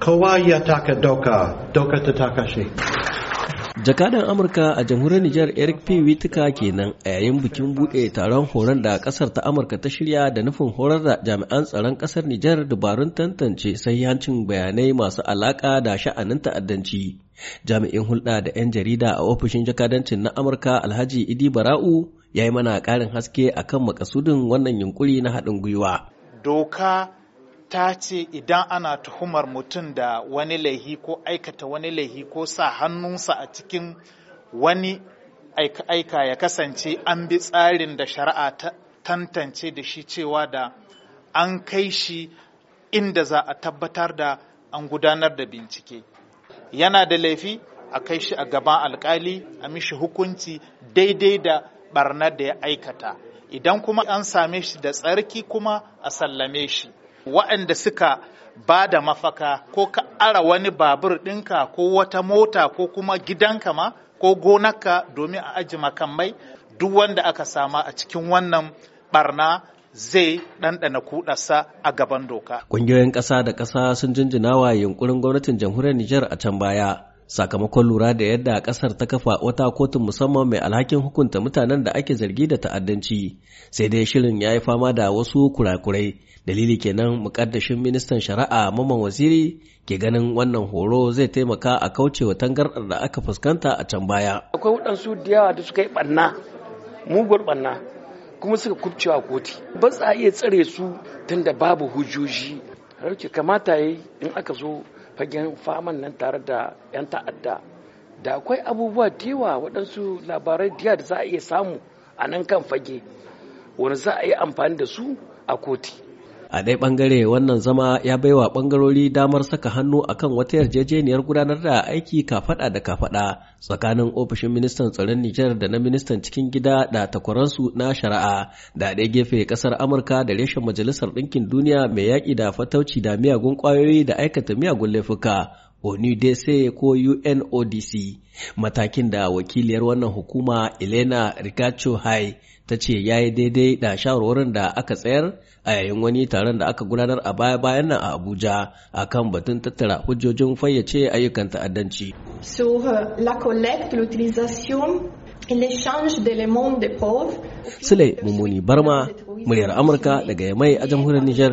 Kawai taka doka, doka ta taka shi. jakadan amurka a jamhuriyar nijar eric p wituka kenan a yayin bikin buɗe taron horon da ƙasar ta amurka ta shirya da nufin horar da jami'an tsaron ƙasar nijar dabarun tantance sahihancin bayanai masu alaƙa da sha'anin ta'addanci jami'in hulɗa da 'yan jarida a ofishin jakadancin na amurka alhaji idi bara'u ya yi mana ƙarin haske akan makasudin wannan yunkuri na haɗin gwiwa doka ta ce idan ana tuhumar mutum da wani laihi ko aikata wani laihi ko sa hannunsa a cikin wani aika ya kasance an bi tsarin da shari'a ta tantance da shi cewa da an kai shi inda za a tabbatar da an gudanar da bincike yana da laifi a kai shi a gaban alkali a mishi hukunci daidai da barnar da ya aikata idan kuma an same shi da tsarki kuma a sallame shi waɗanda suka ba da mafaka ko ka ara wani babur ɗinka ko wata mota ko kuma gidanka ma ko gonarka domin a aji makamai duk wanda aka sama a cikin wannan barna zai ɗanɗana kuɗarsa a gaban doka. Ƙungiyoyin ƙasa da ƙasa sun jinjina wa yunkurin gwamnatin jamhuriyar Nijar a can baya sakamakon lura da yadda kasar ta kafa wata kotun musamman mai alhakin hukunta mutanen da ake zargi da ta'addanci sai dai shirin ya yi fama da wasu kurakurai dalili kenan mukaddashin ministan shari'a maman waziri ke ganin wannan horo zai taimaka a kaucewa tangarɗar da aka fuskanta a can baya akwai waɗansu da yawa da suka yi ɓanna mugun ɓanna kuma suka kubcewa koti ba za a iya tsare su tunda babu hujjoji kamata yi in aka zo fagen faman nan tare da 'yan ta'adda da akwai abubuwa dewa waɗansu labarai diya da za a iya samu a nan kan fage wani za a yi amfani da su a koti A ɗaya ɓangare wannan zama ya baiwa ɓangarori damar saka hannu akan wata yarjejeniyar gudanar da aiki kafaɗa da kafaɗa tsakanin ofishin ministan tsaron Nijar da na ministan cikin gida da takwaransu na shari'a da ɗaya gefe ƙasar Amurka da reshen Majalisar Ɗinkin Duniya mai yaƙi da fatauci da miyagun ƙwayoyi da aikata miyagun laifuka onudc ko unodc matakin da wakiliyar wannan hukuma elena ricacho hai ta ce ya yi daidai da shawarwarin da aka tsayar a yayin wani taron da aka gudanar a baya-bayan nan a abuja a kan batun tattara hujjojin fayyace ayyukan ta'addanci euh, sule mummuni barma muryar amurka daga yamai a jamhuriyar niger